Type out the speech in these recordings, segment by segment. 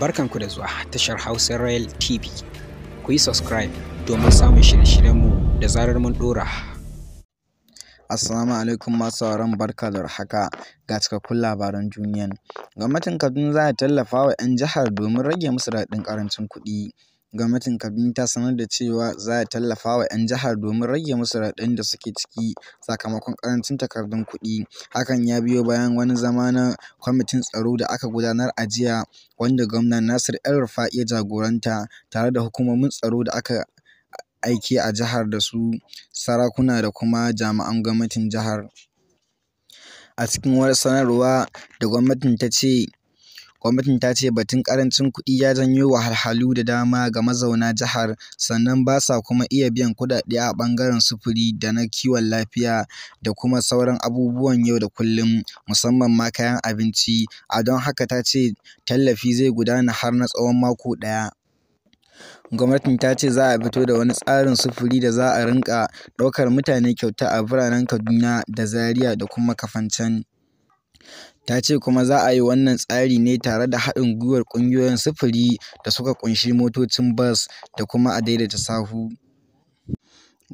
barkanku da zuwa tashar Hausa Royal TV. Ku yi subscribe domin samun shirye-shiryenmu da zarar mun ɗora. Assalamu alaikum masu sauran barka da haka ga cikakkun labaran duniyan. Gwamnatin Kaduna za ta tallafa wa 'yan jihar domin rage musu raɗin ƙarancin kuɗi. Gwamnatin Kaduna ta sanar da cewa za ta tallafa wa 'yan jihar domin rage musu raɗaɗin da suke ciki sakamakon ƙarancin takardun kuɗi. Hakan ya biyo bayan wani zama na kwamitin tsaro da aka gudanar a jiya, wanda Gwamna Nasir El-Rufa'I ya jagoranta, tare da hukumomin tsaro da aka aike a jihar da su sarakuna da kuma jami'an gwamnatin jihar. A cikin wata sanarwa da gwamnatin ta ce Gwamnatin ta ce batun karancin kuɗi ya janyo wahalhalu da dama ga mazauna jihar sannan ba sa kuma iya biyan kuɗaɗe a ɓangaren sufuri da na kiwon lafiya da kuma sauran abubuwan yau da kullum, musamman ma kayan abinci, a don haka ta ce tallafi zai gudana har na tsawon mako ɗaya. Gwamnatin ta ce za a fito da wani tsarin sufuri da za a rinka ɗaukar mutane kyauta a biranen Kaduna da zaria da kuma kafancan Ta ce kuma za a yi wannan tsari ne tare da haɗin gwiwar ƙungiyoyin sufuri da suka ƙunshi motocin bas da kuma a daidaita sahu.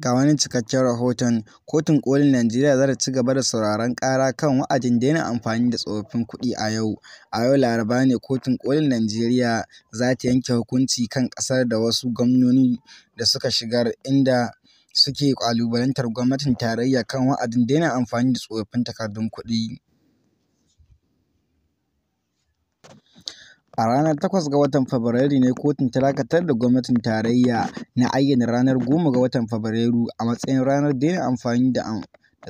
Ga wani cikakken rahoton, Kotun kolin Najeriya za ta ci gaba da sauraron ƙara kan wa'adin daina amfani da tsofaffin kuɗi a yau. A yau Laraba ne Kotun kolin Najeriya za ta yanke hukunci kan ƙasar da wasu gwamnoni da suka shigar, inda suke ƙalubalantar gwamnatin tarayya kan wa'adin daina amfani da tsofaffin takardun kuɗi. A ranar 8 ga watan Fabrairu ne kotun ta dakatar da gwamnatin tarayya na ayyana ranar 10 ga watan Fabrairu a matsayin ranar daina amfani da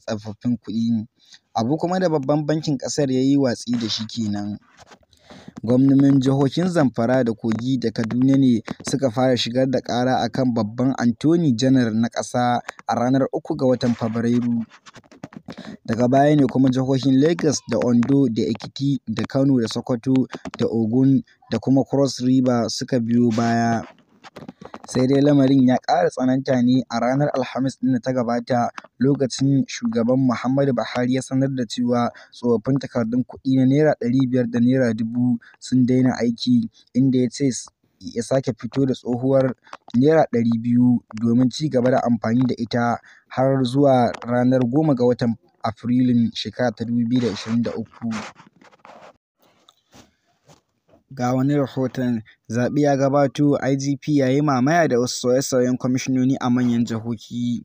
tsaffafin kuɗi, abu kuma da Babban Bankin ƙasar ya yi watsi da shi kenan. nan. Gwamnonin jihohin Zamfara da Kogi da Kaduna ne suka fara shigar da ƙara akan Babban Antoni Janar na ƙasa a ranar 3 ga watan Fabrairu. Daga baya ne kuma jihohin Legas da Ondo da Ekiti da Kano da Sokoto da Ogun da kuma Cross River suka biyo baya, sai dai lamarin ya ƙara tsananta ne a ranar Alhamis ɗin da ta gabata lokacin Shugaban Muhammadu Buhari ya sanar da cewa tsofaffin takardun kuɗi na Naira 500 da Naira 1000 sun daina aiki, inda ya ce. ya sake fito da tsohuwar Naira ɗari biyu domin ci gaba da amfani da ita har zuwa ranar goma ga watan Afrilun ta 2023. Ga wani rahoton: Zaɓe ya gabato, IGP ya yi mamaya da wasu sauye-sauyen kwamishinoni a manyan jihohi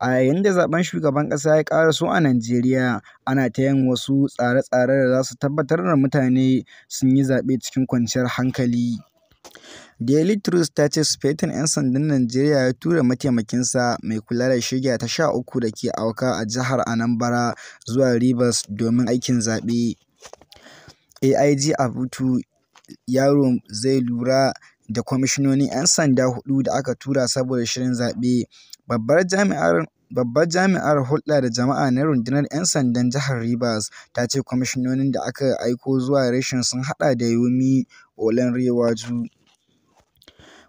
A yayin da zaɓen shugaban ƙasa ya ƙaraso a Najeriya, ana ta yin wasu tsare-tsare da za su tabbatar da mutane sun yi zaɓe cikin kwanciyar hankali. Daily Trust ta ce Sufeton ‘Yan Sandan Najeriya ya tura mataimakinsa mai kula da shirya ta sha uku da ke auka a jihar Anambra zuwa Rivers domin aikin zaɓe. AIG Abutu Yaro zai lura da kwamishinonin ‘yan sanda hudu da aka tura saboda shirin zaɓe, Babbar jami'ar hulɗa da jama'a na Rundunar ‘Yan Sandan Jihar Rivers ta ce kwamishinonin da aka aiko zuwa rashin sun haɗa da Yomi Olenrewaju.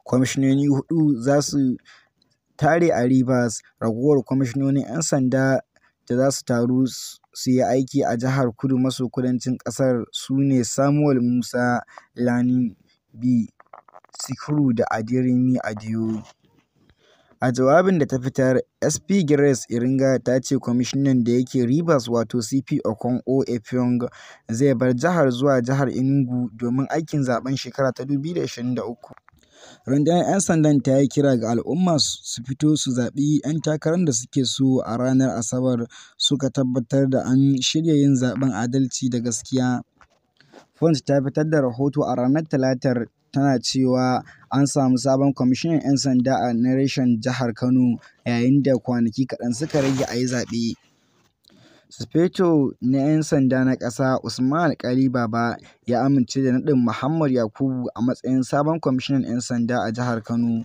Kwamishinoni hudu za su tare a Rivers, ragowar kwamishinonin 'yan sanda da za su taru su yi aiki a jihar kudu maso kudancin kasar su ne Samuel Musa, Lani, B. Sikuru da Aderemi Adeoye. A jawabin da ta fitar, SP Grace Iringa ta ce kwamishinan da yake Rivers wato CP Okon Obiofenga zai bar jihar zuwa jihar Inugu domin aikin zaɓen shekara ta 2023. Rundunar 'Yan Sandan ta yi kira ga al'umma su fito su zaɓi 'yan takarar da suke so a ranar Asabar suka tabbatar da an shirya yin zaɓen adalci da gaskiya. Font ta fitar da rahoto a ranar Talatar, tana cewa an samu sabon kwamishinan 'yan sanda na reshen Jihar Kano, yayin da kwanaki kaɗan suka rage a yi zaɓe. Sufeto na 'Yan Sanda na Ƙasa Usman alkali Baba ya amince da naɗin Muhammad Yakubu a matsayin sabon Kwamishinan 'Yan Sanda a Jihar Kano.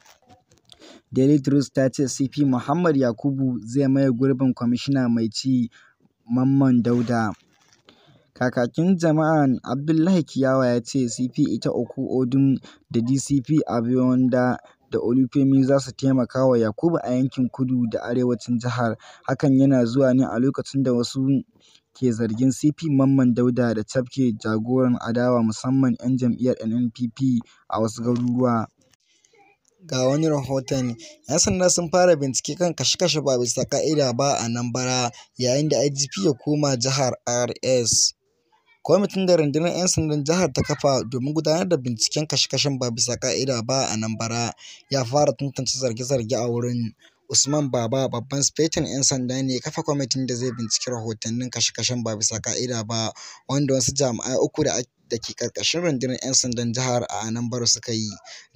Daily Trust ta ce CP Muhammad Yakubu zai maye gurbin Kwamishina mai ci Mamman Dauda. Kakakin jama'an Abdullahi Kiyawa ya ce CP Ita uku odun da DCP Abiodun da Olufemi za su taimaka wa Yakubu a yankin kudu da arewacin jihar, hakan yana zuwa ne a lokacin da wasu ke zargin CP Mamman Dauda da cafke jagoran adawa musamman 'yan jam'iyyar NNPP a wasu garuruwa. Ga wani rahoton: 'Yan sanda sun fara bincike kan kashe-kashe ba bisa ƙa'ida ba a nan bara yayin da IGP ya koma jihar RS. Kwamitin da rundunar ‘yan sandan jihar ta kafa domin gudanar da binciken kashe-kashen ba bisa ƙa'ida ba a nan bara, ya fara tantance zarge-zarge a wurin. Usman Baba, babban sufeton ‘yan sanda ne kafa kwamitin da zai binciki rahotannin kashe-kashen ba bisa ƙa'ida ba wanda wasu jami'ai uku da ke ƙarƙashin rundunar ‘yan sandan jihar a Anambra suka yi.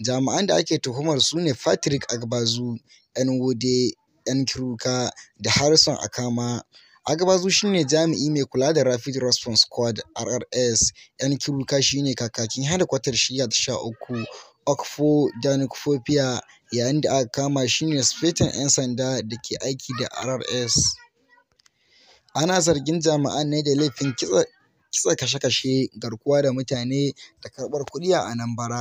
Jami'an da ake tuhumar su ne Patrick Agbazu, wude, yan yan kiruka, da Harrison Akama. Agbazu shi ne jami'i mai kula da Rapid Response Squad (RRS), 'yan shi ne kakakin hedikwatar Shiyya ta uku: Okporo da kufuor yayin da aka kama shine ne 'yan sanda da ke aiki da RRS. Ana zargin jami'an ne da laifin kitsa kashe-kashe, garkuwa da mutane, da karɓar kuɗi a Anambra.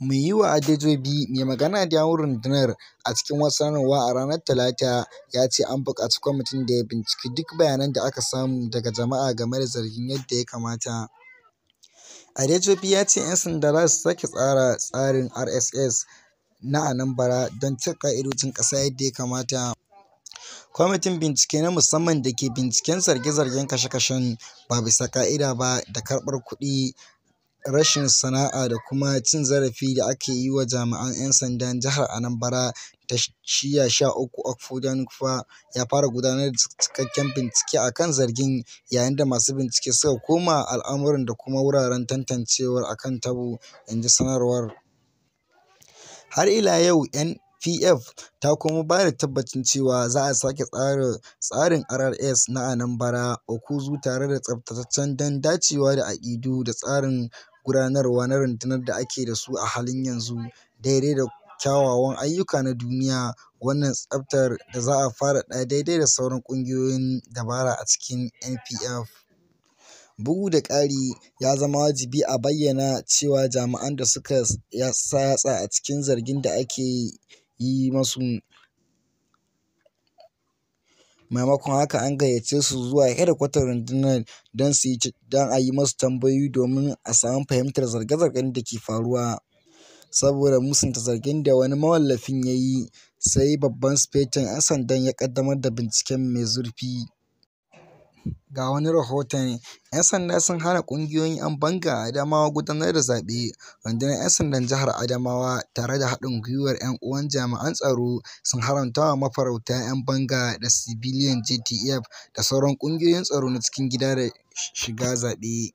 yi wa Adejobi, mai magana da yawun rundunar, a cikin wasu sanarwa a ranar Talata, ya ce an buƙaci kwamitin da ya binciki duk bayanan da aka samu daga jama'a game da zargin yadda ya kamata. Adejobi ya ce 'yan sanda za su sake tsara tsarin RSS na Anambra don cika ƙa'idojin ƙasa yadda ya kamata. Kwamitin bincike na musamman da ke binciken zarge-zargen kashe-kashen ba bisa ka'ida ba da karɓar kuɗi rashin sana'a da kuma cin zarafi da ake yi wa jami'an ‘yan sandan Jihar Anambra ta Shiya 13, Okpudo Ezekwesili, ya fara gudanar da cikakken bincike a kan zargin, yayin da masu bincike suka koma al'amuran da kuma wuraren tantancewar akan kan tabo, inji sanarwar. Har ila yau, NPF ta kuma ba da tabbacin cewa za a sake tsara tsarin RRS na Anambra, okuzu tare da tsaftataccen don dacewa da aƙidu da tsarin gudanarwa na rundunar da ake da su a halin yanzu, daidai da kyawawan ayyuka na duniya, wannan tsabtar da za a fara ɗaya daidai da sauran ƙungiyoyin dabara a cikin NPF. Bugu da ƙari, ya zama wajibi a bayyana cewa jami'an da suka sa yatsa a cikin zargin da ake yi masu Maimakon haka, an gayyace su zuwa hedkwatar rundunar don su don a yi masu tambayoyi domin a samu fahimtar zarge-zargen da ke faruwa. Saboda musanta zargin da wani mawallafin ya yi, sai babban Sufeton ‘Yan Sandan ya ƙaddamar da binciken mai zurfi. Ga wani rahoton: 'Yan sanda sun hana ƙungiyoyin 'yan banga Adamawa gudanar da zaɓe Rundunar 'Yan Sandan Jihar Adamawa, tare da haɗin gwiwar 'yan uwan jami'an tsaro, sun haramta wa mafarauta 'yan banga da Civilian JTF da sauran ƙungiyoyin tsaro na cikin gida da shiga zaɓe.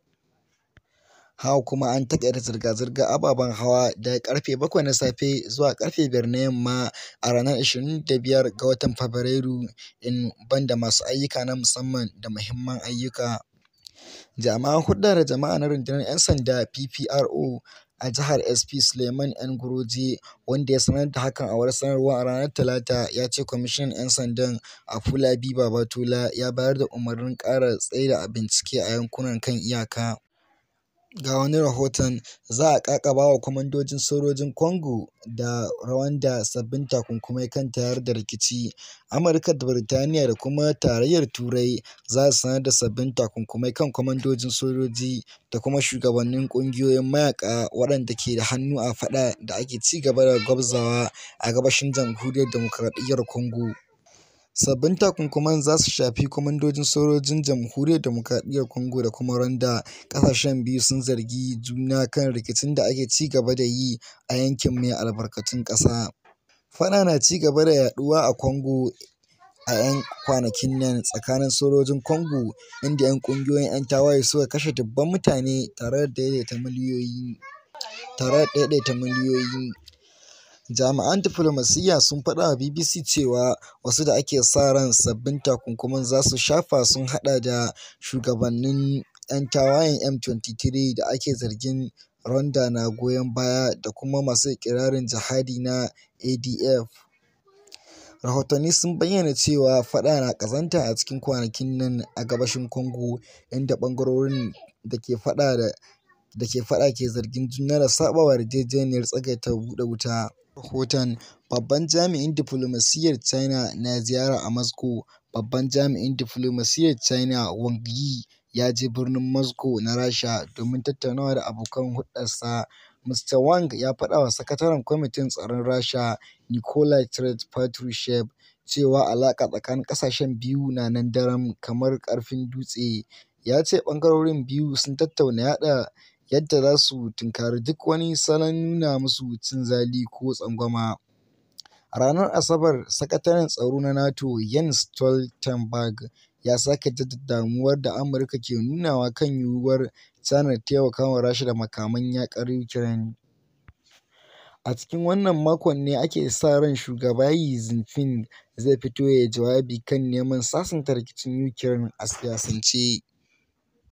haka kuma an taƙaita zirga zirga ababen hawa da karfe bakwai na safe zuwa karfe biyar na yamma a ranar 25 ga watan Fabrairu in banda masu ayyuka na musamman da muhimman ayyuka. jama'an hudar da jama'a na Rundunar ‘Yan Sanda (PPRO) a Jihar SP yan guroji wanda ya sanar da hakan a wani sanarwa a ranar Talata, ya ce Kwamishinan ‘Yan Sandan a fulabi Babatola ya bayar da umarnin ƙara tsaida bincike a yankunan kan iyaka. Ga wani rahoton: Za a kakaba wa kwamandojin sojojin Congo da Rwanda sabbin takunkumai kan tayar da rikici Amurka da Birtaniya da kuma Tarayyar Turai za su sanar da sabbin takunkumai kan kwamandojin sojoji da kuma shugabannin ƙungiyoyin mayaƙa waɗanda ke da hannu a faɗa da ake ci gaba da gwabzawa a gabashin Jamhuriyar Dimokuraɗiyyar Congo. Sabbin takunkuman za su shafi kwamandojin sojojin Jamhuriyar Dimokradiyyar Congo da kuma Rwanda, ƙasashen biyu sun zargi juna kan rikicin da ake ci gaba da yi a yankin mai albarkatun ƙasa. Faɗa na ci gaba da yaɗuwa a Congo a 'yan kwanakin nan tsakanin sojojin Congo, inda 'yan ƙungiyoyin 'yan tawaye suka kashe dubban mutane tare da daidaita miliyoyi. Jami'an diflomasiyya sun faɗa wa BBC cewa wasu da ake sa ran sabbin takunkumin za su shafa sun haɗa da shugabannin ‘yan tawayen M23 da ake zargin Rwanda na goyon baya da kuma masu ikirarin jihadi na ADF. Rahotanni sun bayyana cewa faɗa na ƙazanta a cikin kwanakin nan a gabashin Kongo, inda bangarorin da ke faɗa da da ke faɗa ke zargin juna da saɓawa yarjejeniyar tsagaita buɗe wuta. Rahoton Babban Jami'in Diflomasiyyar China na ziyara a Moscow Babban Jami'in Diflomasiyyar China Wang Yi ya je birnin Moscow na Rasha domin tattaunawa da abokan hulɗarsa. Mr. Wang ya wa Sakataren Kwamitin Tsaron Rasha Nikolai treat patrushev cewa alaka tsakanin ƙasashen biyu na nan daram kamar ƙarfin dutse. Ya ce ɓangarorin biyu sun tattauna yaɗa yadda za su tunkari duk wani salon nuna musu cin zali ko tsangwama. A ranar Asabar, Sakataren Tsaro na NATO Jens Stoltenberg ya sake jaddada damuwar da Amurka ke nunawa kan yiwuwar China taimaka taimakawa Rasha da makaman yaƙar Ukraine. A cikin wannan makon ne ake sa ran Shugaba Xi Jinping zai fito ya yi jawabi kan neman sasanta rikicin Ukraine a siyasance.